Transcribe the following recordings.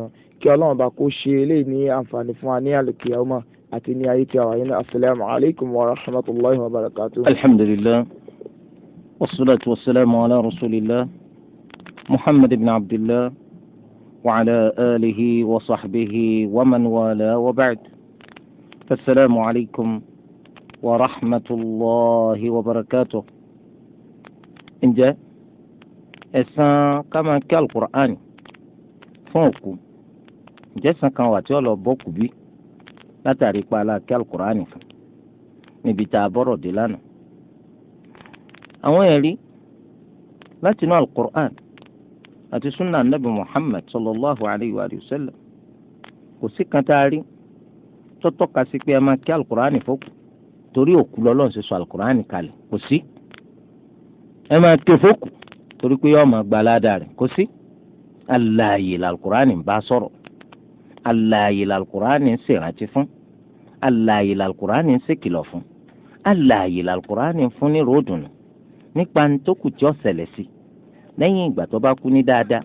kan kí ọlọ́run bá kó ṣe eléyìí ní anfani fún ani wa o ma àti ní ayé tí a wà yín assalamu alaikum wa rahmatullahi wa barakatuh. alhamdulillah wassalatu wassalamu ala rasulillah muhammad ibn abdullah wa ala alihi wa sahbihi wa man wala wa ba'd. asalaamu alaykum wa rahmatulahi wa barakatuh. ǹjẹ́ ẹ̀sán ká máa kí fún òkú. ìjẹ́sàn kan wà tí ó lọ bọ́ kùbí látàrí pa aláàkí alukur'ani fún níbi tá a bọ́rọ̀ dé lánàá. àwọn ẹ̀rí láti inú alukur'an àti sunna anabi muhammad sallallahu alayhi wa sallam kò sí kan tá a rí tó tọ́ka sí pé ẹ máa kí alukur'ani fọ́kù torí òkú lọ́lọ́run ṣe sọ alukur'ani kalẹ̀ kò sí ẹ máa ké fọ́kù torí pé yọ́ọ́ máa gba aládàá rẹ̀ kò sí aláàyè làlùkùránì ń bá sọ̀rọ̀ alààyè làlùkùránì ń ṣèrántí fún alààyè làlùkùránì ń ṣèkìlọ̀ fún alààyè làlùkùránì ń fún ní ròdùnú nípa ní tó kù tí ó ṣẹlẹ̀ sí lẹ́yìn ìgbà tó bá kú ní dáadáa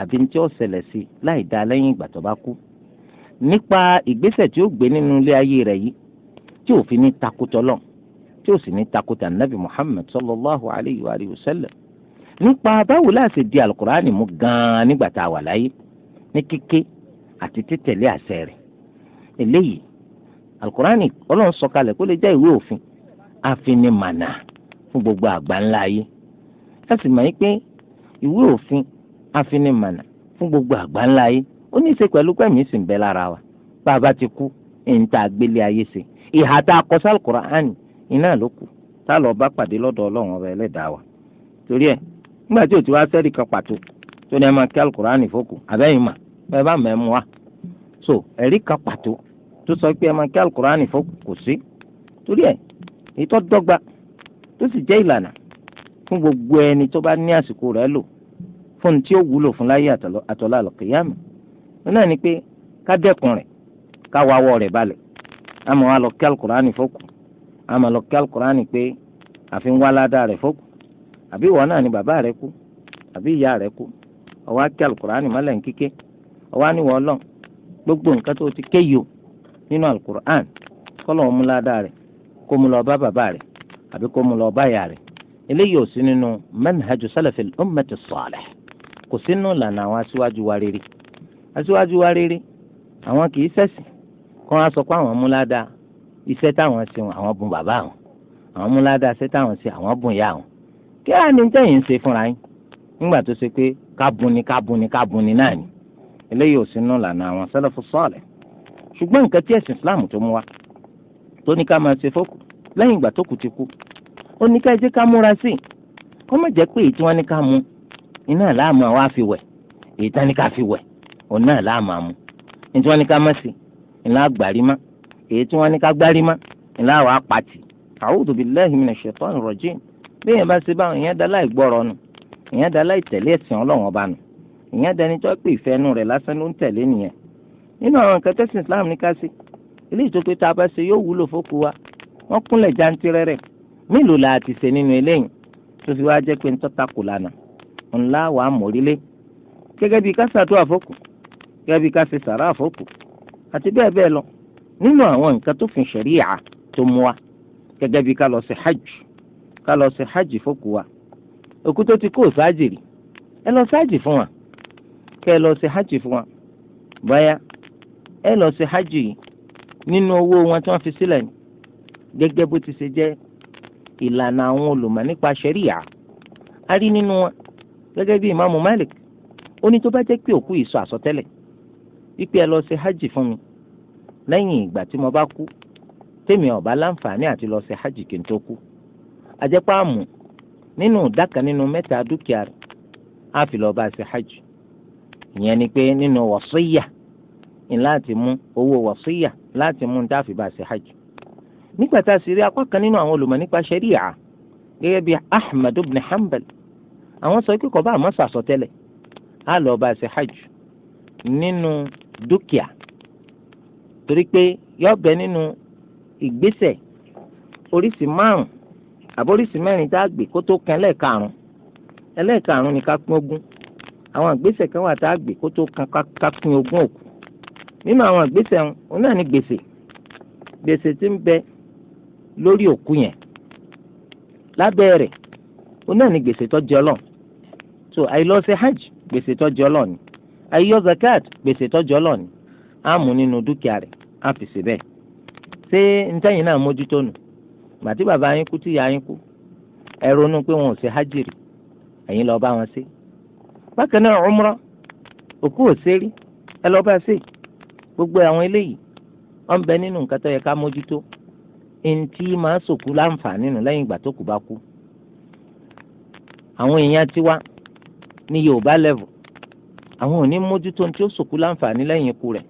àbí ní tí ó ṣẹlẹ̀ sí láì dáa lẹ́yìn ìgbà tó bá kú nípa ìgbésẹ̀ tí ó gbé nínú ilé ayé rẹ̀ yìí tí ò fi ní takotọ́lọ́ tí ò sì ní takotà nàbì Muhammad sallallahu alayhi wa sallam nípa báwo la di alukur'ani mú gan-an nígbà tá a wà láyé ní kíké àti títẹ̀lé àṣẹ rẹ̀ eléyìí alukurani ọlọ́run sọ̀kalẹ̀ kó lè jẹ́ ìwé òfin àfinimànà fún gbogbo àgbáńlá ayé ẹ sì mọ̀ yín pé ìwé òfin àfinimànà fún gbogbo àgbáńlá ayé ó ní í ṣe pẹ̀lú pẹ̀mí sì ń bẹ lára wa bá a bá ti kú ẹ̀yìn tá a gbélé ayé ṣe ìhà tá a kọ sí alukurani iná ló kù tá a lọ bá pàdé lọ́dọ̀ ọlọ́run ọba ẹlẹ́dàá wa torí ẹ̀ nígbà tí ò ti wá sẹ́ẹ̀dì kan pàtó tó ní ẹ máa kí alukurani fókù àbẹ́yìn máa bẹ́ẹ̀ bá mẹ́mu wa so ẹ̀rí kan pàtó tó sọ pé ẹ máa kí alukurani fún kò sí torí ẹ̀ ìtọ́ dọ́gba tó sì jẹ́ ìlànà fún gbogbo ẹni tó bá ní àsìkò rẹ̀ lò fún tí ó wúlò fún láyé àtọ́lá àlọ́kìyàmù náà ni pé ká dẹ́kun rẹ̀ ká wáwọ́ rẹ̀ balẹ̀ a máa wá lọ kí alukurani fọ́kù a máa lọ kí alukurani pé àfi ń wá ládàá rẹ̀ fọ́kù àbí ìwọ náà ni bàbá rẹ̀ kú àbí ìyá rẹ̀ kú ó wá kí alukurani mọ́lẹ̀ ń kíké ọwọ́ àníwọ̀ ọlọ́n gbogbo nǹkan tó ti kéyò nínú alukur'an kọ́lọ̀ ọ̀mú ládàá rẹ̀ kó mu lọ bá bàbá rẹ̀ àbí kó mu lọ bá yà rẹ̀ eléyìí ò sí nínú manhaju salafil ummati salih kò sínú ìlànà àwọn aṣíwájú wa rere aṣíwájú wa rere àwọn kì í ṣẹ̀sìn kọ́ wọn sọ pé àwọn mú ládàá iṣẹ́ táwọn ṣe àwọn bùn bàbá àwọn àwọn mú ládàá iṣẹ́ táwọn ṣe àwọn bùn ìyá àwọn kí á ní tẹ̀yìn ṣe fúnra yín nígbà tó ṣe pé kábùnni kábùnni kábùnni náà ni eléyìí ò sínú lànà àwọn sẹlẹfù sọọlẹ ṣùgbọ́n nǹkan tí ẹ̀sìn islam tó mú wa tó ní ká máa ṣe fókù lẹ́yìn ìgbà tó kù ti kú ó ní ká ẹ jẹ́ ká múra sí i kó má jẹ́ pé èyí tí wọ́n ní ká mu iná láàmú àwa fi wẹ̀ èyí tí wọ́n ní ká fi wẹ̀ òun náà láàmú àmú èyí tí wọ́n ní ká má sí ìlà àgbárí má èyí tí wọ́n ní ká gbárí má ìlà àwọn apàtì a'udhu billahi minash shaitani rajim bí èèyàn bá ṣe báwọn èèyàn dá láì gbọ́rọ̀ nù ìyẹn dẹni tó pè ìfẹ́nu rẹ̀ lásán ló ń tẹ̀lé nìyẹn nínú àwọn nǹkan tẹ́sán islam ní ká sí ilé ìtòkè tá a bá ṣe yóò wúlò fókù wa wọ́n kúnlẹ̀ jantirẹ̀ rẹ̀ mélòó la ti ṣe nínú eléyìí tó fi wá jẹ́ pé ń tọ́ta kò lànà ńlá wàá mórílé gẹ́gẹ́ bí ká ṣàdúrà fókù gẹ́gẹ́ bí ká ṣe sàrà fókù àti bẹ́ẹ̀ bẹ́ẹ̀ lọ nínú àwọn nǹkan tó fin ṣẹ̀ríyà tó mú wa gẹ́gẹ́ bí ká lọ ṣe hajj ká lọ ṣe hajj fókù wa òkú tó ti kó sáàjì rí ẹ lọ sáàjì fún wa kẹ́ lọ hajj fún wa báyà ẹ lọ hajj yìí nínú owó wọn tí wọ́n fi sílẹ̀ gẹgẹ bụ bó ti ṣe jẹ ìlànà àwọn nípa ṣẹ̀ríyà a rí nínú wọn gẹ́gẹ́ bí Malik ó ní tó bá jẹ pé òkú yìí sọ àsọtẹ́lẹ̀ wípé ẹ lọ hajj fún mi lẹ́yìn ìgbà tí mo bá kú tèmi láǹfààní àti hajj kí n tó kú àjẹpá àmù nínú nínú mẹ́ta hajj ìyẹn ni pé nínú wàsíyà ni láti mú owó wàsíyà láti mú tá a fi bá a ṣe hajj nígbà tá a sì rí apá kan nínú àwọn olùmọ̀ nípa ṣẹ́ríà gẹ́gẹ́ bíi Ahmad ibn Hanbal àwọn sọ pé kò bá àmọ́ sàsọtẹ́lẹ̀ á lọ bá a ṣe hajj nínú dúkìá torí pé yóò bẹ nínú ìgbésẹ̀ oríṣi márùn àbóríṣi mẹ́rin tá a gbé kó kan ẹlẹ́ẹ̀karùn ẹlẹ́ẹ̀karùn ni ká pín ogún àwọn àgbésẹ̀ kan wà tá a gbé kó tó kakún ogún òkú nínú àwọn àgbésẹ̀ òun náà ní gbèsè gbèsè tí ń bẹ lórí òkú yẹn lábẹ́ rẹ̀ òun náà ní gbèsè tó jẹ Ọlọ́run so àìlọ́sẹ̀ hajj gbèsè tó jẹ Ọlọ́run ni àìyọ zakat gbèsè tó jẹ Ọlọ́run ni á mú nínú dúkìá rẹ̀ á fi sí bẹ́ẹ̀ ṣé ntẹ́yìn náà mójútó nù màtí bàbá yín kú tíyà yín kú ẹ ronú pé wọn ò ṣe hajj rí ẹ̀yin lọ́ọ́ bá wọn ṣe bákan náà ọmúra òkú òsèré ẹ lọ bá ṣe gbogbo àwọn eléyìí wọn bẹ nínú nǹkan tó yẹ ká mójútó ntí máa sòkú láǹfààní nù lẹ́yìn ìgbà tó kù bá kú àwọn èèyàn tiwa ní yorùbá level àwọn ò ní mójútó ntí ó sòkú láǹfààní lẹ́yìn ikú rẹ̀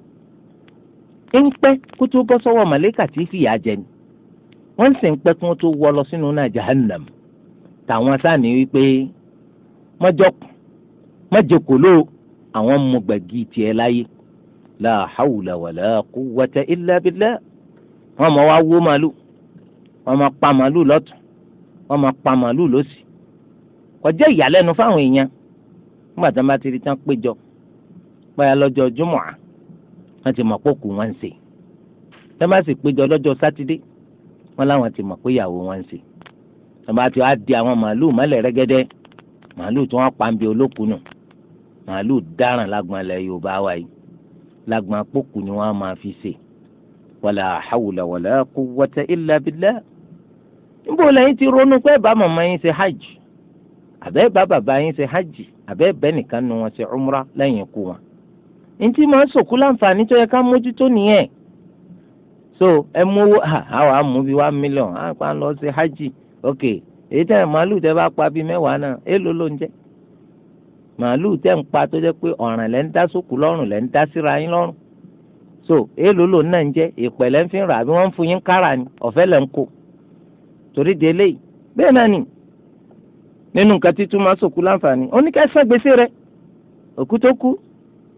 ń pẹ́ kó tó bọ́ sọ́wọ́ màlẹ́kà tí fìyà jẹ ni wọ́n sì ń pẹ́ kí tó wọ́ lọ sínú náà jahannam tàwọn sáàní wípé mọ́jọ́ mẹjọkọlọ àwọn mọgbàgì tiẹ láyé la hawla wàlá quwwata illa billah wọn máa wá wó màálù wọn máa pa màálù lọ́tùn wọn máa pa màálù lósì kọjá ìyàlẹ́nu fáwọn èèyàn nígbà tí wọn bá ti rí tán péjọ báyà lọ́jọ́ júmọ̀ à wọn ti mọ̀ pé òkú wọn ń ṣe tí wọn bá sì péjọ lọ́jọ́ sátidé wọn láwọn ti mọ̀ pé wọn ṣe tí wọn bá ti wá di àwọn màálù mọ́lẹ̀ rẹ́gẹ́dẹ́ màálù tí wọ́n pa ń bi olókùn màálù dáràn lágbọn ilẹ̀ yorùbá wa yìí lágbọn àpòkù ni wọ́n á máa fi ṣe wàlà hawla wàlà quwwata illa billah níbo lẹ́yìn ti ronú pé bá màmá yín ṣe hajj àbẹ́ bá bàbá yín ṣe hajj àbẹ́ bẹ́ẹ̀ nìkan nu wọn ṣe umra lẹ́yìn ikú wọn ntí màá sòkú láǹfààní tó yẹ ká mójútó nìyẹn so ẹ mú owó àwọn àmú bíi one million àpá lọ ṣe hajj ok èyí tẹ̀ màálù tẹ bá pa bíi mẹ́wàá náà èèlò ló ń jẹ́ màálùú tẹ́ ń pa tó jẹ́ pé ọ̀ràn lẹ́ ń dá sókù lọ́rùn lẹ́ ń dá síra yín lọ́rùn so èèlò lòun náà ń jẹ́ ìpẹ́ lẹ́ ń fi rà bí wọ́n ń fún yín kára ni ọ̀fẹ́ lẹ́ ń kó torí de eléyìí bẹ́ẹ̀ náà nì nínú nǹkan títún máa sòkú láǹfààní ó ní ká san gbèsè rẹ̀ òkú tó kú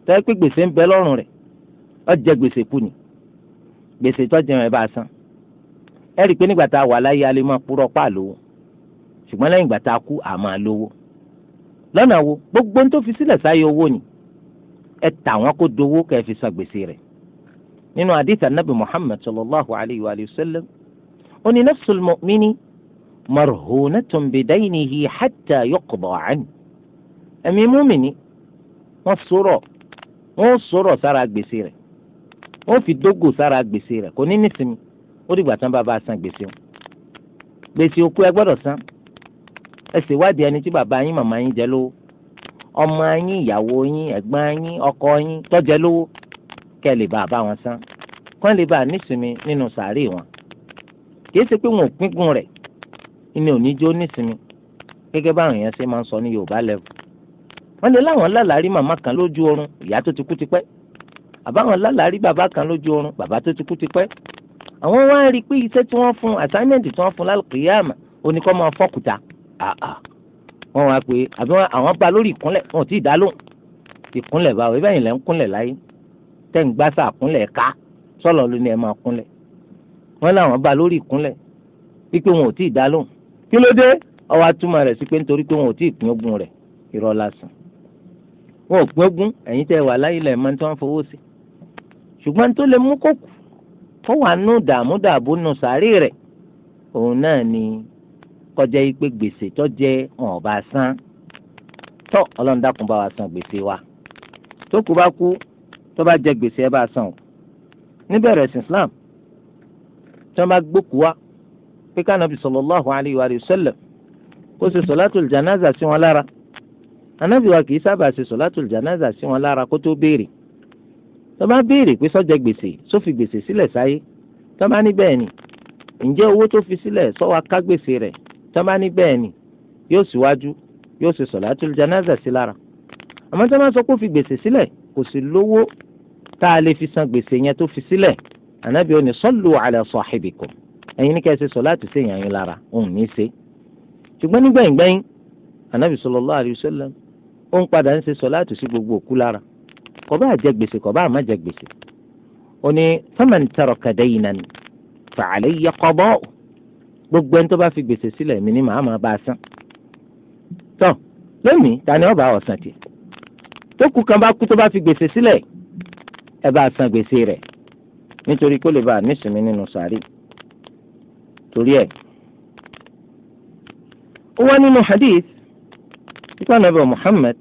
tẹ́ pé gbèsè ń bẹ lọ́rùn rẹ̀ ó gbèsè kù ni gbèsè tó jẹun bá a san ẹ rí i pé nígbà tá a wà láyé a lè máa purọ́ pàlówó lọ́nà wo gbogbo ń tó fi sílẹ̀ sáyé owó ni ẹ tà wọ́n kó dowó kẹ́ ẹ fi san gbèsè rẹ̀ nínú àdìtà nabi muhammad sallallahu alayhi wa sallam ó ní nafsul mu'mini marhunatun bidaynihi hatta yuqda an ẹ̀mí múmìnì wọ́n sọ̀rọ̀ wọ́n sọ̀rọ̀ sára gbèsè rẹ̀ wọ́n fi dógò sára gbèsè rẹ̀ kò ní nísìmí ó dìgbà tán bá bá san gbèsè wọn gbèsè òkú ẹ gbọ́dọ̀ san ẹ ṣèwádìí ẹni tí bàbá yín màmá yín jẹ lówó ọmọ yín ìyàwó yín ẹ̀gbọ́n yín ọkọ yín tó jẹ lówó kẹ́ lè bá bá wọn san kán lè bá nísìmí nínú sàárè wọn kì í ṣe pé wọn ò pínpín rẹ̀ ìní ò ní jó nísìmí gẹ́gẹ́ báwọn èèyàn ṣe máa ń sọ ní Yorùbá lẹ́wọ̀ wọ́n lè láwọn lálàárí màmá kan lójú oorun ìyá tó ti kú tipẹ́ àbáwọn lálàárí bàbá kan lójú oorun bàbá tó ti kú tipẹ́ àwọn wá rí i pé iṣẹ́ tí wọ́n fún assignment tí wọ́n fún lálùkìyàmà oníkọ́ máa fọ́kùtà Ah, ah. wọ́n wá pé àbí àwọn bá lórí ìkúnlẹ̀ wọn ò tí ì dá lóhùn ìkúnlẹ̀ báwo ibà yìí lẹ́ ń kúnlẹ̀ láyé tẹ́ ń gbásà kúnlẹ̀ ká sọ̀lọ̀ ló ní ẹ máa kúnlẹ̀ wọ́n láwọn bá lórí ìkúnlẹ̀ wípé wọn ò tí ì dá lóhùn kí ló dé ọwọ́ atúmọ̀ rẹ̀ sí pé nítorí pé wọn ò tí ì pín ogun rẹ̀ irọ́ lásán wọn ò pín ogun ẹ̀yin tẹ́ wà láyé lẹ̀ máa ń tán fowó sí ṣùgbọ́n tó lè mú kókò kó wà nù dààmú dààbò nù sàárè rẹ̀ òun náà ni kọjá yìí pé gbèsè tó jẹ ọ̀n bá san tó ọlọ́run dákun bá wa san gbèsè wa tó kú bá kú tó bá jẹ gbèsè ẹ bá san o níbẹ̀rẹ̀ ẹ̀sìn Islam tí wọ́n bá gbókùú wa pé kánábì sallallahu alayhi wa sallam kó ṣe sọ̀látùl janaza sí wọn lára anábì wa kì í sábà ṣe sọ̀látùl janaza sí wọn lára kó tó béèrè tó bá béèrè pé sọ́jẹ́ gbèsè sófì gbèsè sílẹ̀ sáyé tó bá ní bẹ́ẹ̀ ni ǹjẹ́ owó tó fi sílẹ̀ sọ́wọ́ akágbèsè rẹ̀ tọ́ba ní bẹ́ẹ̀ ni yóò síwájú yóò ṣe sọ̀látùl janaza sí lára àmọ́ tọ́ba sọ pé ó fi gbèsè sílẹ̀ kò sí lówó tá a lè fi san gbèsè yẹn tó fi sílẹ̀ ànábì ó ní sallu ala sahibikum ẹ̀yin ní kẹ́sì sọ̀látù sí yàn yín lára òun ní í ṣe ṣùgbọ́n nígbẹ̀yìngbẹ̀yìn ànábì sallallahu alayhi wa sallam ó ń padà ń ṣe sọ̀látù sí gbogbo òkú lára kò bá gbèsè kò bá má gbèsè ó ní faman gbogbo ẹni tó bá fi gbèsè sílẹ̀ mi ni màá máa bá a san tán lónìí ta ni ọba ọ̀sán tiẹ̀ tó kù kan bá kú tó bá fi gbèsè sílẹ̀ ẹ bá a san gbèsè rẹ̀ nítorí kó lè bá a nísìmí nínú sàárì torí ẹ̀ ó wá nínú hadith nípa nàbẹ Muhammad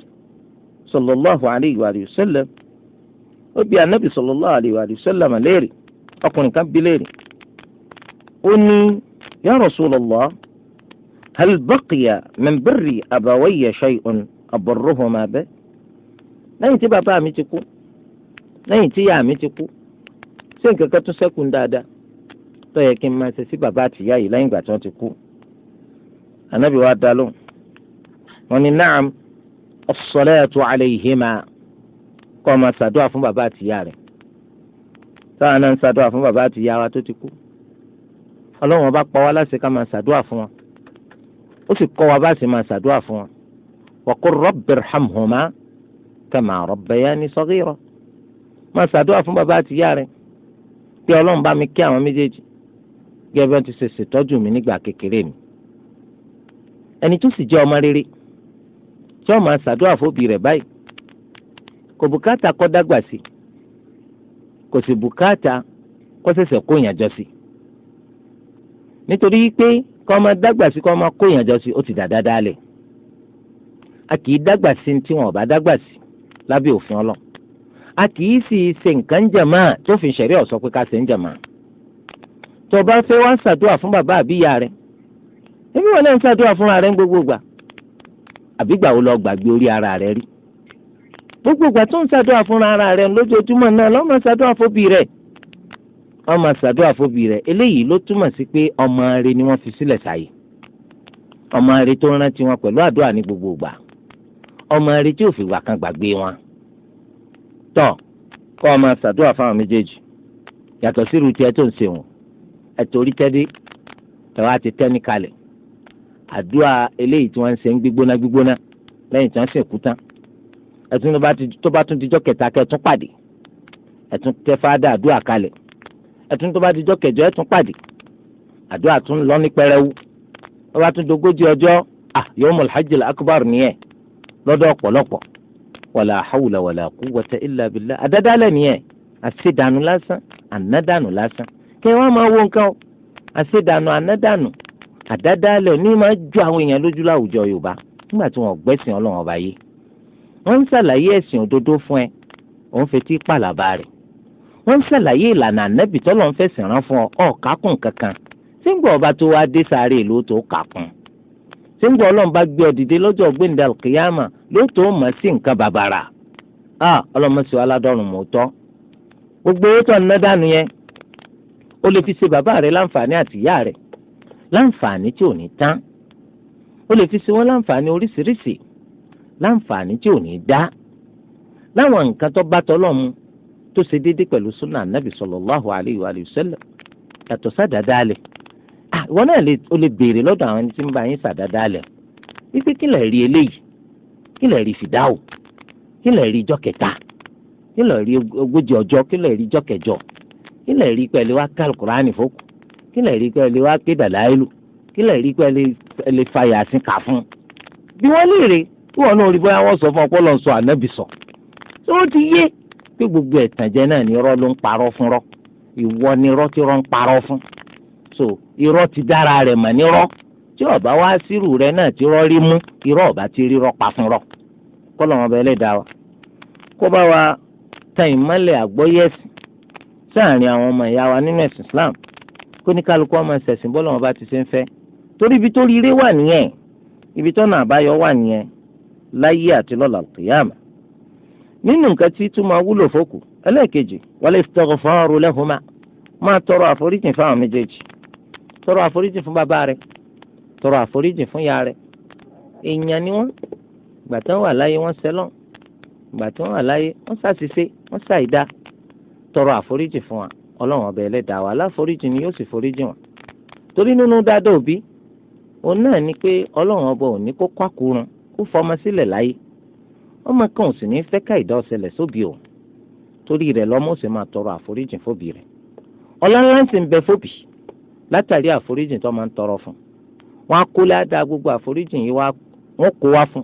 sallallahu alayhi wa sallam ó bi anabi sallallahu alayhi wa sallam léèrè ọkùnrin kan bi léèrè ó ní. يا رسول الله هل بقي من بر أبوي شيء أبرهما به lẹ́yìn tí bàbá mi ti kú lẹ́yìn tí ìyá mi ti kú ṣé nǹkan kan tún ṣẹ́kùn dáadáa tó yẹ kí n máa ṣe sí bàbá àti ìyá yìí lẹ́yìn ìgbà tí wọ́n ti kú ànábì wa dá lóhùn wọ́n ní naam as-salatu alayhima kọ́ ọ máa ṣàdúrà fún bàbá àti ìyá rẹ̀ táwọn náà ń ṣàdúrà fún bàbá àti ìyá wa tó ti kú ọlọ́run ọba pa wá láṣẹ ká máa ṣàdúrà fún wọn ó sì kọ́ wa bá sì máa ṣàdúrà fún wọn wa qur rabbirhamhuma kama rabbayani saghira máa ṣàdúrà fún bàbá àti ìyá rẹ pé ọlọ́run bá mi kí àwọn méjèèjì gẹ́gẹ́ bí wọ́n ti ṣe ṣètọ́jú mi nígbà kékeré mi ẹni tó sì jẹ́ ọmọ rere tí wọ́n máa ṣàdúrà fóbi rẹ̀ báyìí kò bùkátà kó dàgbà sí kò sì bùkátà kó ṣẹ̀ṣẹ̀ kó yànjọ sí nítorí pé kọ́ máa dàgbà sí kọ́ máa kó ìyànjọ sí ó ti dà dáadáa lẹ̀ a kì í dàgbà sí tí wọn ò bá dàgbà sí lábẹ́ òfin ọlọ́ a kì í sì ṣe nǹkan ń jàmá tó fi ṣẹ̀rí ọ̀sọ́ pé ká ṣe ń jàmá tó bá fẹ́ wá ń ṣàdúrà fún bàbá àbíyá rẹ̀ ẹbí wọn náà ń ṣàdúrà fúnra rẹ̀ ń gbogbo gbà àbígbà wo lọ gbàgbé orí ara rẹ̀ rí gbogbo gbà tó ń ṣàdúrà fúnra ara rẹ̀ lójoojúmọ́ náà lọ́mọ ṣàdúrà fóbi rẹ̀ wọ́n máa ṣàdúrà fóbi rẹ̀ eléyìí ló túmọ̀ sí pé ọmọ rẹ̀ ni wọ́n fi sílẹ̀ sáyé ọmọ rẹ̀ tó rántí wọn pẹ̀lú àdúrà ní gbogbo ìgbà ọmọ rẹ̀ tí ò fi ìgbà kan gbàgbé wọn tọ́ kọ́ ọ máa ṣàdúrà fáwọn méjèèjì yàtọ̀ sí irú tiẹ̀ tó ń ṣe wọn ẹ̀tọ́ orí tẹ́dé ẹ̀wọ́ àti tẹ́ni kalẹ̀ àdúrà eléyìí tí wọ́n ń ṣe ń gbígbóná gbígbóná lẹ́yìn tí wọ́n sì kú tán ẹ̀tún tó bá tún dijọ́ kẹta kẹtún ẹtún tó bá di jọ́ kẹjọ ẹtún pàdé àdúrà tún lọ ní pẹrẹwu wọ́n bá tún dogójì ọjọ́ ah yawmul hajjil akbar nìyẹn lọ́dọ̀ ọ̀pọ̀lọpọ̀ wàlà hawla wàlà quwwata illa billah àdádálẹ̀ nìyẹn àṣedànù lásán ànádànù lásán kẹ wọn máa wo nǹkan o àṣedànù ànádànù àdádálẹ̀ ní máa ju àwọn èèyàn lójú láwùjọ yorùbá nígbà tí wọn gbẹ́sìn ọlọ́run ọba yìí wọ́n ń ṣàlàyé ẹ̀sìn òdodo fún ẹ òun fetí pàlàbà rẹ̀ wọ́n ń ṣàlàyé ìlànà ànábì tọ́lọ́ ń fẹ̀sìn rán fún ọ ọ̀kákùn kankan tí ń gbọ́ ọba tó wá dé sáré ìlú tó kàkùn tí ń gbọ́ ọlọ́run bá gbé ọ dìde lọ́jọ́ gbẹ̀ndà kìyàmà ló tó mọ̀ sí nǹkan bàbàrà a ọlọ́mọ sí wa ládọ́rùn mọ́ tọ́ gbogbo owó tó ń ná dànù yẹn ó lè fi ṣe bàbá rẹ láǹfààní àti ìyá rẹ láǹfààní tí ò ní tán ó lè fi ṣe wọn láǹfààní oríṣiríṣi láǹfààní tí ò ní dá láwọn nǹkan tó bá tọ́lọ́mu tó ṣe déédéé pẹ̀lú súnà anábì sallallahu alayhi wa sallam yàtọ̀ sádàdálẹ̀ ìwọ náà o lè béèrè lọ́dọ̀ àwọn ẹni tí ń bá yín sàdádálẹ̀ wípé kí lè rí eléyìí kí lè rí fìdáwò kí lè rí ijọ́ kẹta kí lè rí ogójì ọjọ́ kí lè rí ijọ́ kẹjọ kí lè rí pẹ̀lú wá fókù kí lè rí pẹ̀lú wá kí lè rí pẹ̀lú pé gbogbo ẹ̀tànjẹ náà ni irọ́ ló ń parọ́ fún rọ́ ìwọ ni irọ́ tí irọ́ ń parọ́ fún so irọ́ ti dára rẹ̀ mà nírọ́ tí ọba wá sírù rẹ náà ti rọ́ rí mú irọ́ ọba ti rírọ́ pa fún rọ́ kọ́ lọ́wọ́ ọba ẹlẹ́dàá wa kó bá wa tan ìmọ́lẹ̀ àgbọ́yẹ̀sìn sáàrin àwọn ọmọ ìyá wa nínú ẹ̀sìn Islam kó ní kálukú ọmọ ẹ̀sìn bọ́lá wọn bá ti ṣe ń fẹ́ torí ibi tó rí ire wà nìyẹn ibi tó nà àbáyọ wà nìyẹn láyé àti lọ́la nínú nǹkan tí tún máa wúlò fókù ẹlẹ́ẹ̀kejì wal istighfaru lahuma máa tọrọ àforíjì fáwọn méjèèjì tọrọ àforíjì fún bàbá rẹ tọrọ àforíjì fún ya rẹ èèyàn ni wọn ìgbà tí wọn wà láyé wọn sẹlọ ìgbà tí wọn wà láyé wọn ṣàṣìṣe wọn ṣàìdá tọrọ àforíjì fún wa ọlọ́run ọbẹ̀ ẹlẹ́dàá wa aláforíjì ni yóò sì foríjì wọn torí nínú dáadáa òbí òun náà ni pé ọlọ́run ọba òní kó kó àkúrun kó fọmọ sílẹ̀ láyé ọmọ kan ò sì ní fẹ́ ká ìdá ọ̀sẹ̀lẹ̀ sóbì o torí rẹ̀ lọ́mọ ó sì máa tọrọ àforíjìn fóbì rẹ̀ ọlọ́lá ń sì ń bẹ fóbì látàrí àforíjìn tó máa ń tọrọ fún wọn á kó ládàá gbogbo àforíjìn yìí wọn kó wá fún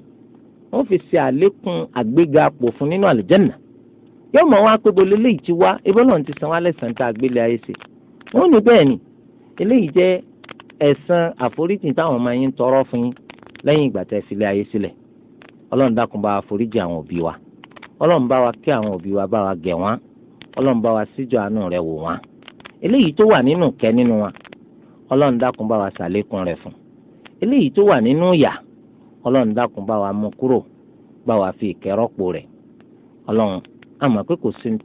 wọn fi ṣe àlékún àgbéga àpò fún nínú àlùjẹ́nà yóò mọ̀ wá pé bolú eléyìí ti wá ebó náà ti san wá lẹ́sàn-án tá a gbélé ayé ṣe wọn ò ní bẹ́ẹ̀ ni eléyìí jẹ́ ẹ̀san àforíjìn táwọn ọmọ yín tọrọ fún yín lẹ́yìn ìgbà tẹ́ filé ayé sílẹ̀ ọlọ́run dákun bá wa foríjì àwọn òbí wa ọlọ́run bá wa kí àwọn òbí wa bá wa gẹ̀ wọ́n ọlọ́run bá wa síjọ àánú rẹ̀ wò wọ́n eléyìí tó wà nínú kẹ́ nínú wa ọlọ́run dákun bá wa rẹ̀ fún eléyìí tó wà nínú yà ọlọ́run dákun mú kúrò bá wa fi ìkẹ́rọ́pò rẹ̀ ọlọ́run àmọ́ pé kò sí ní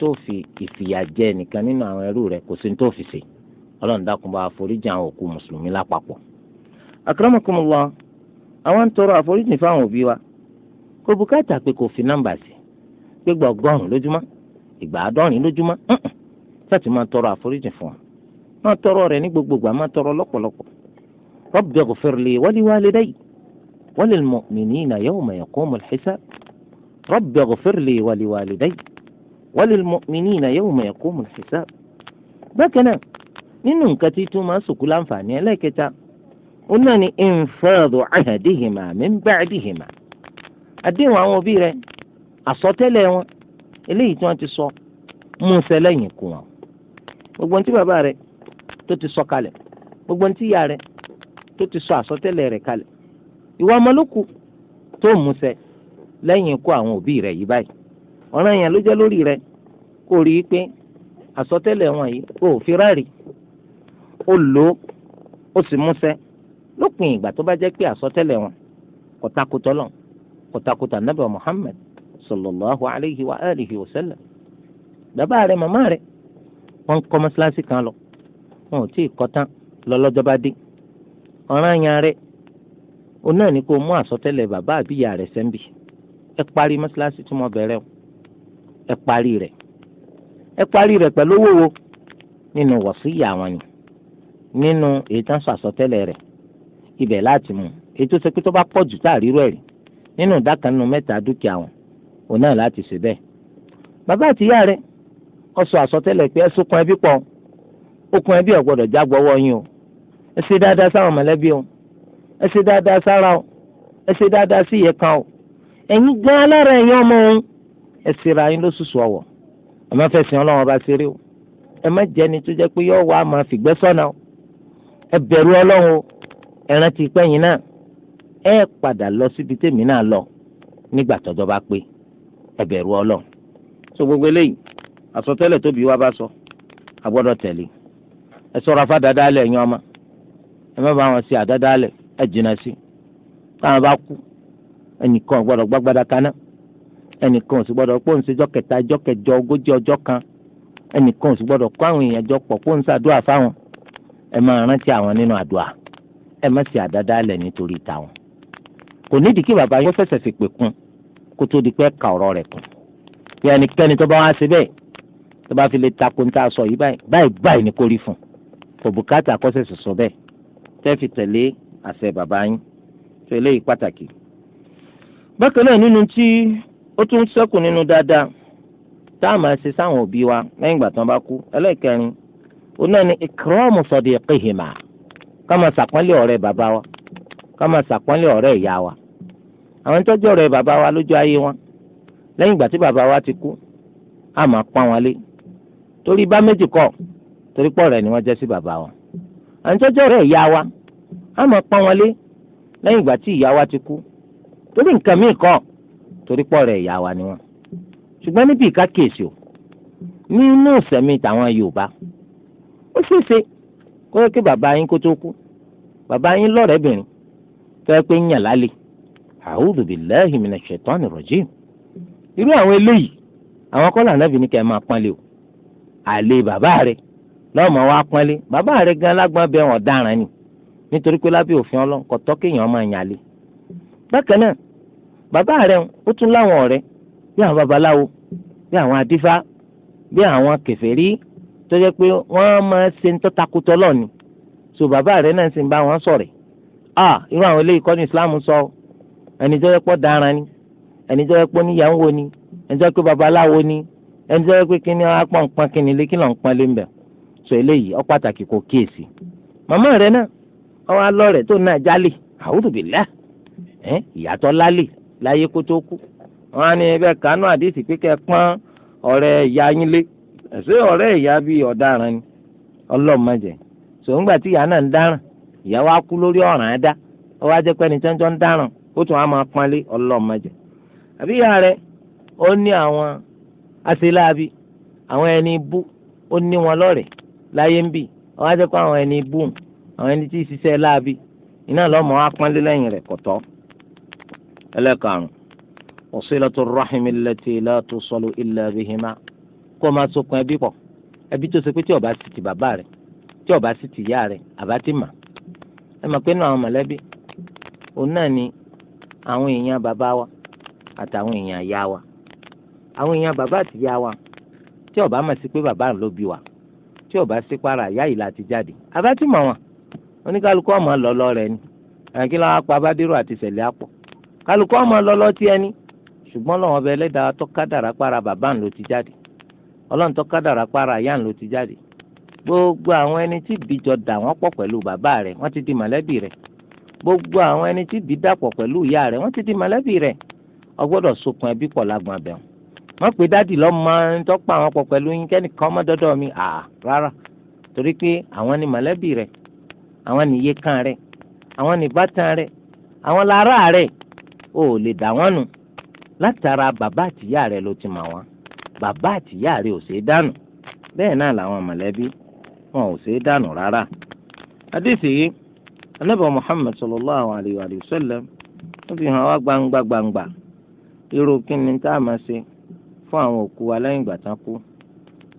tó kò bùkátà pé kò fi nọ́mbà sí pé gba ọgọ́rùn lójúmọ́ ìgbà àádọ́rin lójúmọ́ láti máa tọrọ àforíjì fún wa máa tọrọ rẹ̀ ní gbogbo ìgbà máa tọrọ lọ́pọ̀lọpọ̀ rabbi ighfir li wa li walidayya wa lil mu'minina yawma yaqumul hisab rabbi ighfir li wa li walidayya wa lil mu'minina yawma yaqumul hisab. bákan náà nínú nǹkan tí tún máa sùkú láǹfààní ẹlẹ́kẹta ó náà ní infadu ahadihima min ba'dihima àdéhùn àwọn òbí rẹ àsọtẹ́lẹ̀ wọn eléyìí tí wọ́n ti sọ mú un ṣẹ lẹ́yìn kù wọn. gbogbo ohun tí bàbá rẹ tó ti sọ kalẹ̀ gbogbo ohun tí ìyá rẹ tó ti sọ àsọtẹ́lẹ̀ rẹ kalẹ̀ ìwà ọmọlókù tó mú ṣẹ lẹ́yìn ikú àwọn òbí rẹ yìí báyìí ọ̀ràn yẹn ló jẹ́ lórí rẹ kó rí i pé àsọtẹ́lẹ̀ wọn yìí kò fi ráàrí ó lò ó ó sì mú ṣẹ lópin ìgbà tó bá jẹ́ pé àsọtẹ́lẹ̀ wọn kò takò tọ́lọ́run kò takùtà nabi muhammed sallallahu alayhi wa alihi wa sallam bàbá rẹ̀ màmá rẹ̀ wọ́n kọ́ mọ́ṣáláṣí kan lọ wọn ò tí ì kọ́ tán lọ́lọ́jọ́ bá dé ọ̀ràn yẹn rẹ̀ o náà ní kó mú àsọtẹ́lẹ̀ bàbá àbíyá rẹ̀ sẹ́ńbì ẹ parí mọ́ṣáláṣí tí mo bẹ̀rẹ̀ o ẹ parí rẹ̀ ẹ parí rẹ̀ pẹ̀lú owó nínú wọ̀síyà wọn ni nínú ètò àsọtẹ́lẹ̀ rẹ̀ ibẹ̀ láti mú ètò sẹ́kítọ́ bá pọ̀ jù táàrírọ̀ ẹ̀rí nínú ìdá kan nínú mẹ́ta dúkìá wọn òun náà láti ṣe bẹ́ẹ̀. bàbá àti ìyá rẹ̀ ó sọ àsọtẹ́lẹ̀ pé ẹ sókun ẹbí pọ̀ okùn ẹbí ẹ gbọ́dọ̀ já yín o ẹ ṣe dáadáa sáwọn mọ̀lẹ́bí o ẹ ṣe dáadáa sára o ẹ ṣe dáadáa sí ìyẹn kan o ẹ̀yin gan alára ẹ̀yin ọmọ òun ẹ ṣera yín lóṣooṣù ọ̀wọ̀ ẹ má fẹ́ sìn Ọlọ́run ọba ṣeré o ẹ má jẹni tó jẹ́ pé yọ wà máa fìgbẹ́ sọ́nà o ẹ bẹ̀rù Ọlọ́run o ẹ rántí pẹ́yìn náà ẹ padà lọ síbi tèmi náà lọ nígbà tọ́jọ́ bá pé ẹ bẹ̀rù Ọlọ́run so gbogbo eléyìí àsọtẹ́lẹ̀ tóbi wá bá sọ a gbọ́dọ̀ tẹ̀lé ẹ ṣọ́ra fún àdádálẹ̀ ẹ̀yin ọmọ ẹ má bá wọn ṣe àdádálẹ̀ ẹ jìnnà sí táwọn bá kú ẹnìkan gbọ́dọ̀ gbàgbàdà kaná ẹnìkan sì gbọ́dọ̀ pọ̀ nsejọ́ kẹta ẹjọ́ kẹjọ ogójì ọjọ́ kan ẹnìkan sì gbọ́dọ̀ kó àwọn èèyàn jọ pọ̀ pọ̀ nsàdúrà fáwọn ẹ máa rántí àwọn nínú àdúrà ẹ má ṣe àdádálẹ̀ nítorí tàwọn kò nídìí kí bàbá yín fẹsẹ̀ fi pè kún kó tó di pé ka ọ̀rọ̀ rẹ̀ kún bí ẹnikẹ́ni tó bá wá sí bẹ́ẹ̀ tó bá fi lè takò ń tà sọ yìí báyìí báyìí báyìí ni kò rí fún kò bùkátà kọ́sẹ̀sẹ̀ sọ bẹ́ẹ̀ tẹ́ fi tẹ̀lé àṣẹ bàbá yín tó eléyìí pàtàkì. bákan náà nínú tí ó tún sẹ́kù nínú dáadáa tá a máa ṣe sáwọn òbí wa lẹ́yìn ìgbà tí wọ́n bá kú ẹlẹ́kẹrin òun náà ni ìkírọ́ọ̀mù sọ̀dí Kama máa ṣàpọ́nlé ọ̀rẹ́ ìyá wa àwọn tọ́jú ọ̀rẹ́ bàbá wa lójú ayé wọn lẹ́yìn ìgbà tí bàbá wa ti kú á máa pọ́n wọn lé torí bá méjì kọ́ torí pọ̀ rẹ̀ ni wọ́n jẹ́ sí bàbá wa àwọn tọ́jú ọ̀rẹ́ ìyá wa á máa pọ́n wọn lé lẹ́yìn ìgbà tí ìyá wa ti kú torí nǹkan míì kọ́ torí pọ̀ rẹ̀ ìyá wa ni wọn ṣùgbọ́n níbi ìka kèsì o nínú ìsẹ̀mí tàwọn Yorùbá ó ṣeéṣe kó yẹ kí bàbá yín kó tó kú bàbá yín lọ́rẹ̀ẹ́bìnrin tẹ́ pé ń yàn lálẹ́ a'udhu billahi minash shaitani rajim irú àwọn eléyìí àwọn kọ́lá anábì ní kẹ́ ẹ máa pọ́nlé o àlè bàbá rẹ lọ́mọ wa pọ́nlé bàbá rẹ gan lágbọ́n bẹ́ẹ̀ wọ́n dáràn ni nítorí pé lábẹ́ òfin ọlọ́ kò tọ́ kéèyàn máa yàn lé bákan náà bàbá rẹ ó tún láwọn ọ̀rẹ́ bí àwọn babaláwo bí àwọn adífá bí àwọn kèfèrí tó jẹ́ pé wọ́n máa ṣe ń tọ́takùtọ́ lọ́ọ̀ni so bàbá rẹ náà sì ń bá wọn ṣọ̀rẹ́ ah irú àwọn eléyìí kọ́ ní islam sọ ẹni tó dára ni ẹni tó yẹ níyàwó ni ẹni ni ẹni tó pé kí ni apọ̀ nǹkan kí ni ilé kí lọ́n pọ́n lé ń bẹ̀ sọ eléyìí ọ pàtàkì kò kíyèsí màmá rẹ náà tó náà jálè àwùjọ ìyàtọ̀ lálè láyé kó tó kú wọn á ní ẹbẹ kánú àdìsí pé kẹ ìyá yín ni tí ìyá náà ń ìyàwó á kú lórí ọ̀ràn ẹ̀dá ó wá jẹ́ pé ẹni jọ́njọ́ ń dáràn ó tún á máa pọ́nlé ọlọ́mọdé àbí ìyá rẹ̀ ó ní àwọn aṣeláàbí àwọn ẹni bú ó ní wọn lọ́rẹ̀ láyé ń bì ó wá jẹ́ pé àwọn ẹni bú àwọn ẹni tí ì ṣiṣẹ́ láàbí iná lọ́mọ á pọ́nlé lẹ́yìn rẹ̀ kọ̀tọ́ ẹlẹ́karùn wasilatu rahimi lati la tusalu illa bihima kó máa sokun ẹbí pọ̀ ẹbí tó ṣe pé tí ó sì ti bàbá rẹ̀ tí ó sì ti ìyá rẹ̀ àbá ti mà ẹ mọ̀ pé nínú àwọn mọ̀lẹ́bí òun náà ni àwọn èèyàn bàbá wa àtàwọn èèyàn ìyá wa àwọn èèyàn bàbá àti ìyá wa tí ó mọ̀ sí pé bàbá ló bí wa tí ó sí para ìyá yìí láti jáde mọ̀ wọn oníkálukú ọmọ lọ́lọ́ rẹ ni àyànkí làwọn apá abádéró àti ìṣẹ̀lẹ̀ àpọ̀ kálukú ọmọ lọ́lọ́ tí ẹni ṣùgbọ́n lọ́wọ́ ọbẹ̀ ẹlẹ́dàá tó para bàbá ń lò ti jáde gbogbo àwọn ẹni tí ìbí jọ dà wọ́n pọ̀ pẹ̀lú bàbá rẹ̀ wọ́n ti di mọ̀lẹ́bí rẹ̀ gbogbo àwọn ẹni tí ìbí dàpọ̀ pẹ̀lú ìyá rẹ̀ wọ́n ti di mọ̀lẹ́bí rẹ̀ ó gbọ́dọ̀ sokun ẹbí pọ̀ lágbọn abẹ́hùn wọ́n pè dádì lọ́mọ tọ́pọ̀ àwọn pọ̀ pẹ̀lú yín kẹ́nìkan mọ́ dọ́dọ̀ mi à rárá torí pé àwọn ni mọ̀lẹ́bí rẹ̀ àwọn ni iye kan rẹ̀ àwọn ni ìbátan rẹ̀ àwọn lára rẹ̀ ò lè dà wọ́n nù látara bàbá àtìyá rẹ̀ ló ti mọ̀ wọ́n bàbá àtìyá rẹ̀ ò ṣeé dànù bẹ́ẹ̀ náà làwọn mọ̀lẹ́bí wọn ò ṣeé dànù rárá. àdìsí yìí anábọ̀ Muhammad sallallahu alayhi wa sallam ó fi hàn wá gbangba gbangba irú kí ni tá a máa ṣe fún àwọn òkú wa lẹ́yìn ìgbà tán kú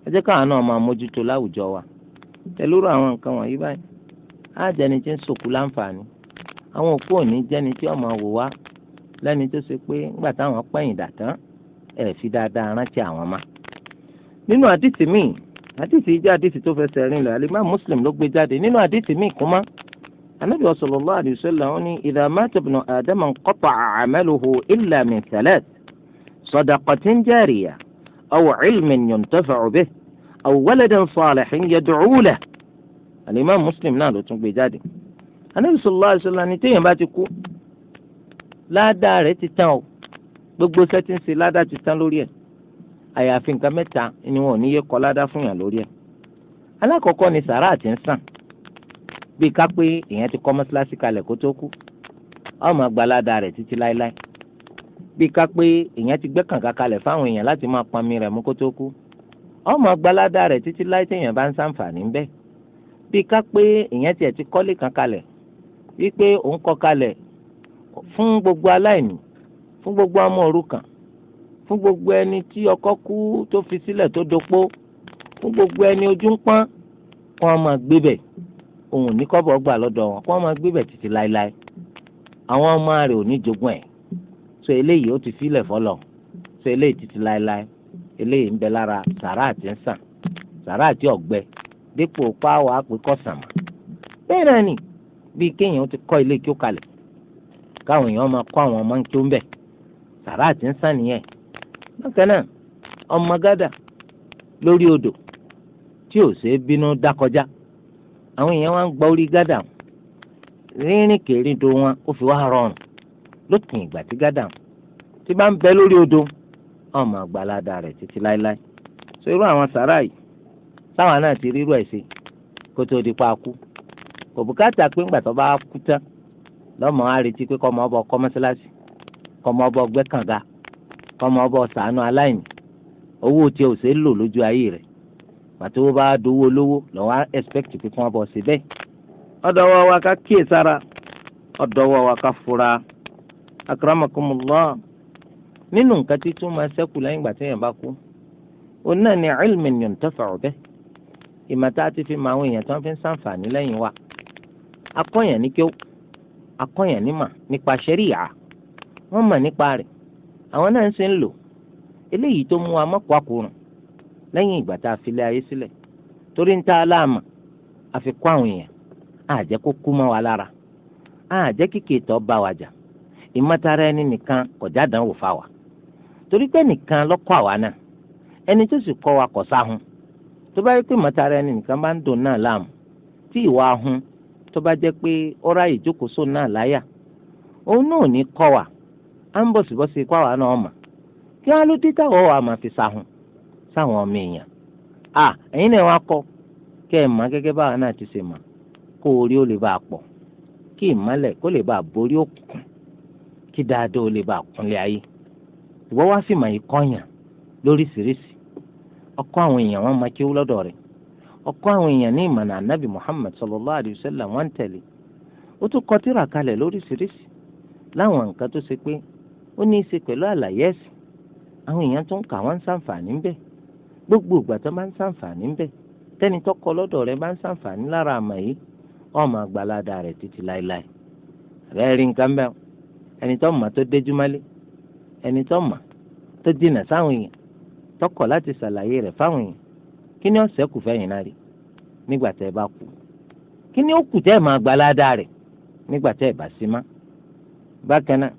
ẹ jẹ́ káwọn náà máa mójútó láwùjọ wa tẹ̀lúrò àwọn nǹkan wọ̀nyí báyìí á jẹni tí ń sòkú láǹfààní àwọn òkú ò ní jẹni tí ọmọ wò wá lẹ́ni tó ṣe pé ńgbà táwọn pẹ̀yìn dà tán ẹ̀ fi dáadáa rántí àwọn máa nínú àdìsí míì àdìsí jẹ́ àdìsí tó fẹsẹ̀ rìn lẹ̀ alimá muslim ló gbé jáde nínú àdìsí míì kún mọ́ anabi sallallahu alayhi wa sallam ní idha mata ibnu adama inqata'a amaluhu illa min thalath sadaqatin jariya aw ilmin yuntafa'u bihi aw waladan salihin yad'u lahu alimá muslim náà ló tún gbé jáde anabi sallallahu alayhi wa sallam àyàfi nǹkan mẹ́ta ni wọn ò ní yé kọ́ládá fún yàn lórí ẹ̀ alákọ̀ọ́kọ́ ni sàrà àti ń sàn bíi ká pé èèyàn ti kọ́ mọ́ṣáláṣí kalẹ̀ kó tó kú ó máa gbalada rẹ̀ títí láéláé bíi ká pé èèyàn ti gbẹ́ kànga kalẹ̀ fáwọn èèyàn láti máa pọnmi rẹ̀ mú kó tó kú ó máa gbalada rẹ̀ títí láé téèyàn bá ń sàǹfààní ń bẹ bíi ká pé èèyàn tiẹ̀ ti kọ́lé kan kalẹ̀ wípé òun kọ́ kalẹ̀ fún gbogbo aláìní fún gbogbo ọmọ òrukàn fún gbogbo ẹni tí ọkọ kú tó fi sílẹ̀ tó dopó fún gbogbo ẹni ojú ń pọ́n kó wọn máa gbébẹ̀ òun ní kọ́bọ̀ gbà lọ́dọ̀ wọn kó wọn máa gbébẹ̀ títí láéláé àwọn ọmọ rẹ̀ ò ní jogún ẹ̀ so eléyìí ó ti filẹ̀ fọlọ̀ so eléyìí títí láéláé eléyìí ń bẹ lára sàrà àti ń sàn sàrà àti ọ̀gbẹ dípò páwọ̀ àpékọ́ sàmà bẹ́ẹ̀ náà nì bíi kéèyàn ti kọ́ ilé kí ó kalẹ̀ káwọn èèyàn máa kọ́ àwọn ọmọ ń kí sàrà àti ń sàn nìyẹn bákan náà ọmọ gádà lórí odò tí ò ṣeé bínú dákọjá àwọn èèyàn wá ń gba orí gádà rínrìn kèrìndò wọn ó fi wá rọrùn lópin ìgbà tí gádà tí bá ń bẹ lórí odò ọmọ àgbàládà rẹ̀ títí láéláé so irú àwọn sàrà yìí táwọn náà ti rírú ẹ̀ sí kó tó di pa kú kò bùkátà pé ńgbà tó bá kú tán lọ́mọ á pé kọ́ ọmọ ọbọ̀ kọ́ mọ́sálásí kọ́ ọmọ kọ́mọ ọba ọ̀sánú aláìní owó tí o ṣe lò lójú ayé rẹ̀ pàtó bá dowó lówó lọ́wọ́ expect pé kọ́mọ ọba ọ̀sẹ̀ bẹ́ẹ̀ ọ̀dọ́wọ́ wa ká kíyè sára ọ̀dọ́wọ́ wa ká fura akramakumullah nínú nǹkan tí tún máa ṣẹ́kù lẹ́yìn ìgbà tí èèyàn bá kú òun náà ni ilmin yuntafa'u bih ìmọ̀tá ti fi máa àwọn èèyàn tó ń fi ń sàǹfààní lẹ́yìn wa akọ́yàn ní kí ó akọ́yàn ní mà nípa ṣẹ́ríyà wọ́n mà nípa rẹ̀ àwọn náà ń ṣe ń lò eléyìí tó mú wa mọ́kọ́ àkùrùn lẹ́yìn ìgbà tá a filẹ̀ ayé sílẹ̀ torí ń ta aláàmà àfikún àwọn èèyàn àjẹ́ kó kú mọ́ wa lára àjẹ́ kíkẹ́ ìtọ́ bá wa jà ìmọ̀tara ẹni nìkan kọjá dánwò fa wa torí pé nìkan lọ́kọ́ àwa náà ẹni tó sì kọ́ wa kọ̀ sáhun tó bá yẹ pé ìmọ̀tara ẹni nìkan bá ń dùn náà láàmù tí ìwà ahun tó bá jẹ́ pé ọ̀rá ìjókòó sóun náà láyà òun náà ní kọ́ wa à ń wa n'ọma kí á ló dé táwọn fi sahun ọmọ èèyàn náà wá kọ kẹ́ ẹ̀ má gẹ́gẹ́ báwa náà ti ṣe kó orí ó lè bá a kí ìmọ́lẹ̀ kó lè bá a borí kí dáadáa ó lè bá a kúnlé ayé ìwọ́ wá sì mà lóríṣiríṣi ọkọ àwọn èèyàn wọn ọkọ àwọn èèyàn ní ìmọ̀nà Muhammad wa wọ́n tẹ̀lé ó tún ó ní í ṣe pẹ̀lú àlàyé ẹ̀sìn àwọn èèyàn tó ń kà wọ́n gbogbo ìgbà tó bá ń ṣàǹfààní ń bẹ̀ tẹ́ni tó kọ lọ́dọ̀ rẹ̀ bá ń ṣàǹfààní lára àmọ̀ yìí ọmọ àgbàládà rẹ̀ títí láéláé rẹ̀ rí nǹkan bẹ́ẹ̀ ẹni tó mọ̀ tó déjú mọ́lé ẹni tó mọ̀ tó dínà sáwọn èèyàn tó kọ̀ láti ṣàlàyé rẹ̀ fáwọn èèyàn kí ni ó ṣẹ́kù fẹ́yìn náà rí nígbà tẹ́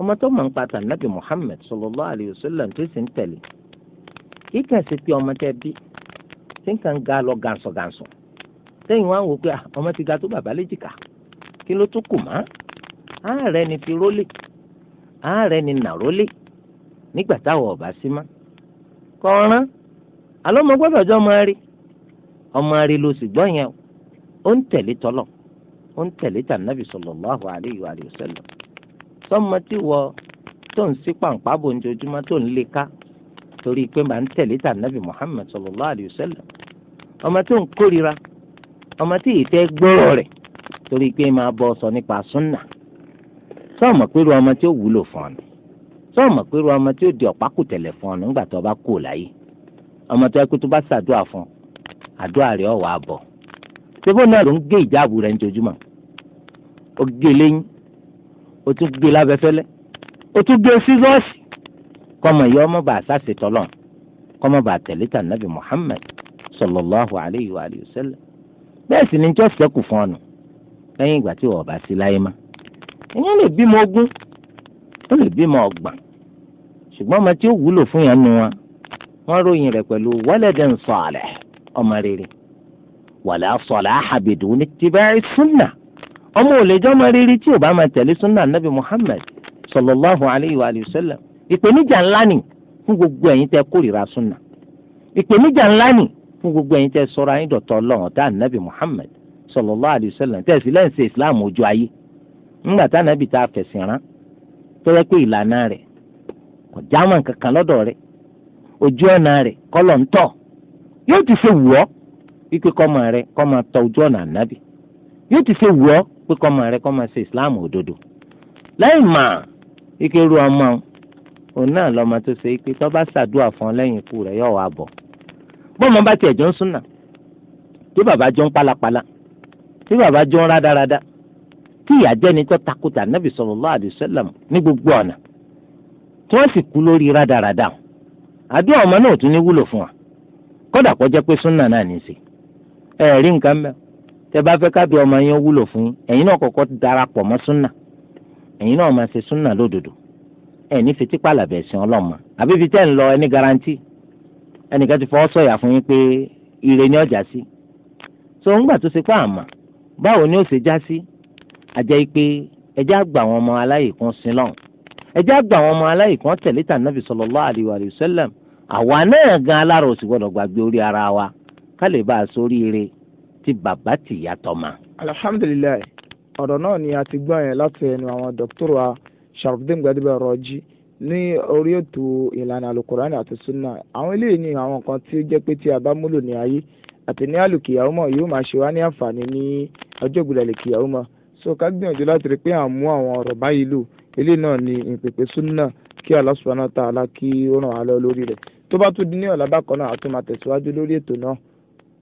ọmọ tó mọ̀ ń pa tànàbì Muhammad sallallahu alayhi wa sallam tó sì ń tẹ̀lé kí sí pé ọmọ tẹ bí tí ga lọ gànsọ̀gànsọ sẹ́yìn wá ń wò pé ah, ọmọ ti ga tó bàbá léjìká kí ló tún kù mọ́ ààrẹ ni fi rólé ààrẹ ni nà rólé nígbà táwọn ọba sí mọ́ kọ́ran gbọ́dọ̀ jọ ọmọ rí ọmọ rí ló sì gbọ́ yẹn sọ́mọ tí wọ tó ń sí pàǹpábò ojoojúmọ́ tó ń lè ká torí pé màá ń tẹ̀lé tà nàbì Muhammad sallallahu alayhi wa ọmọ tó ń kórira ọmọ tí ìtẹ́ gbọ́rọ̀ rẹ̀ torí pé máa bọ́ sọ nípa súnà pẹ̀lú ọmọ tí ó wúlò fún ọ ọmọ tí ó di fún nígbà tó ọmọ tó tó bá fún àdúrà rẹ̀ ọ̀wà o tún gbé lábẹ́fẹ́lẹ́ o tún gbé sísọ́ọ̀sì kọ́mọ ìyá ọmọ bá àṣàṣe tọ́lọ̀ kọ́mọ bá tẹ̀lé tà nàbì Muhammad sallallahu alayhi wa alihi wa sallam bẹ́ẹ̀ sì ni jọ́sì ẹ̀kù fún ọ̀nà lẹ́yìn ìgbà tí wọ́n bá sí láyé má ìyẹn lè bímọ ogún ó lè bímọ ọgbọ̀n ṣùgbọ́n ọmọ tí ó wúlò fún yẹn nu wọn wọ́n ròyìn rẹ̀ pẹ̀lú waladan salih ọmọ rere wala salaha biduni ittiba'i sunnah ọmọ òlejò máa rírí tí ò bá máa tẹ̀lé súnà nàbì Muhammad sallallahu alayhi wa sallam ìpèníjà ńlá ni fún gbogbo ẹ̀yin kórìíra súnà ìpèníjà ńlá ni fún gbogbo ẹ̀yin tẹ sọra yín dọ̀tọ̀ Ọlọ́run ọ̀tá nàbì Muhammad sallallahu alayhi wa sallam tẹ̀sí lẹ́yìn sí islam ojú ayé ńgbà tá nàbì tá a fẹ̀sìn rán tó pé ìlànà rẹ̀ kò jámọ́ kankan lọ́dọ̀ rẹ̀ ojú ọ̀nà rẹ̀ kọ́lọ̀ ń tọ̀ yóò ti wù ọ́ pé kọ́mọ rẹ kọ́mọ ṣe islam òdodo lẹ́yìn mà ike ru ọmọ òun náà lọ́mọ tó ṣe ike tọ́ bá ṣàdúrà fún ọ lẹ́yìn ikú rẹ̀ yóò wá bọ̀ bọ́mọ bá tiẹ̀ jọ ń súnà tí bàbá jọ ń pálapàla tí bàbá jọ ń rádaràda tí ìyá jẹ́ni tó takuta nábì sallallahu ní gbogbo ọ̀nà tí wọ́n sì lórí rádaràda àdúrà ọmọ náà tún ní tẹ bá fẹ́ kábíyà ọmọ yẹn wúlò fún yín ẹ̀yin náà kọ́kọ́ darapọ̀ mọ́ súnà ẹ̀yin náà máa ṣe súnà lódodo ẹ̀ ní fetí pàlàbẹ̀ ẹ̀sìn ọlọ́mọ àbí tẹ́ ń lọ ẹni garanti ẹnìkan ti fọwọ́ sọ̀yà fún yín pé ire ni ọjà sí so ńgbà tó ṣe pé àmà báwo ni ó ṣe já sí àjẹ́ pé ẹjẹ́ àgbà àwọn ọmọ aláyè kan sin lọ́n ẹjẹ́ àgbà àwọn ọmọ aláyè kan tẹ̀lé tà nàbì sallallahu sallam àwa náà gan alára òsì gbọ́dọ̀ gbàgbé orí ara wa ti bàbá tìyá tọ́mọ. alhamdulilayi ọ̀rọ̀ náà ni a ti gbọ́ yẹn láti ẹnu àwọn dọ́kítọ́rù wa sharafdin gbadebe rọjí ní orí ètò ìlànà alukurani àti sunna àwọn eléyìí ni àwọn kan tí ó jẹ́ pé tí a bá múlò ní ayé àti ní àlùkìyàwó mọ̀ yóò máa ṣe wá ní àǹfààní ní ọjọ́ ìgbìlẹ̀ àlùkìyàwó mọ̀ so ká gbìyànjú láti rí pé à ń mú àwọn ọ̀rọ̀ báyìí lò eléyìí náà ni ìpèpè sunna kí Allah subhanahu wa ta'ala kí ó ràn wá lọ lórí rẹ̀ tó bá tún di ní ọ̀la náà a máa tẹ̀síwájú lórí ètò náà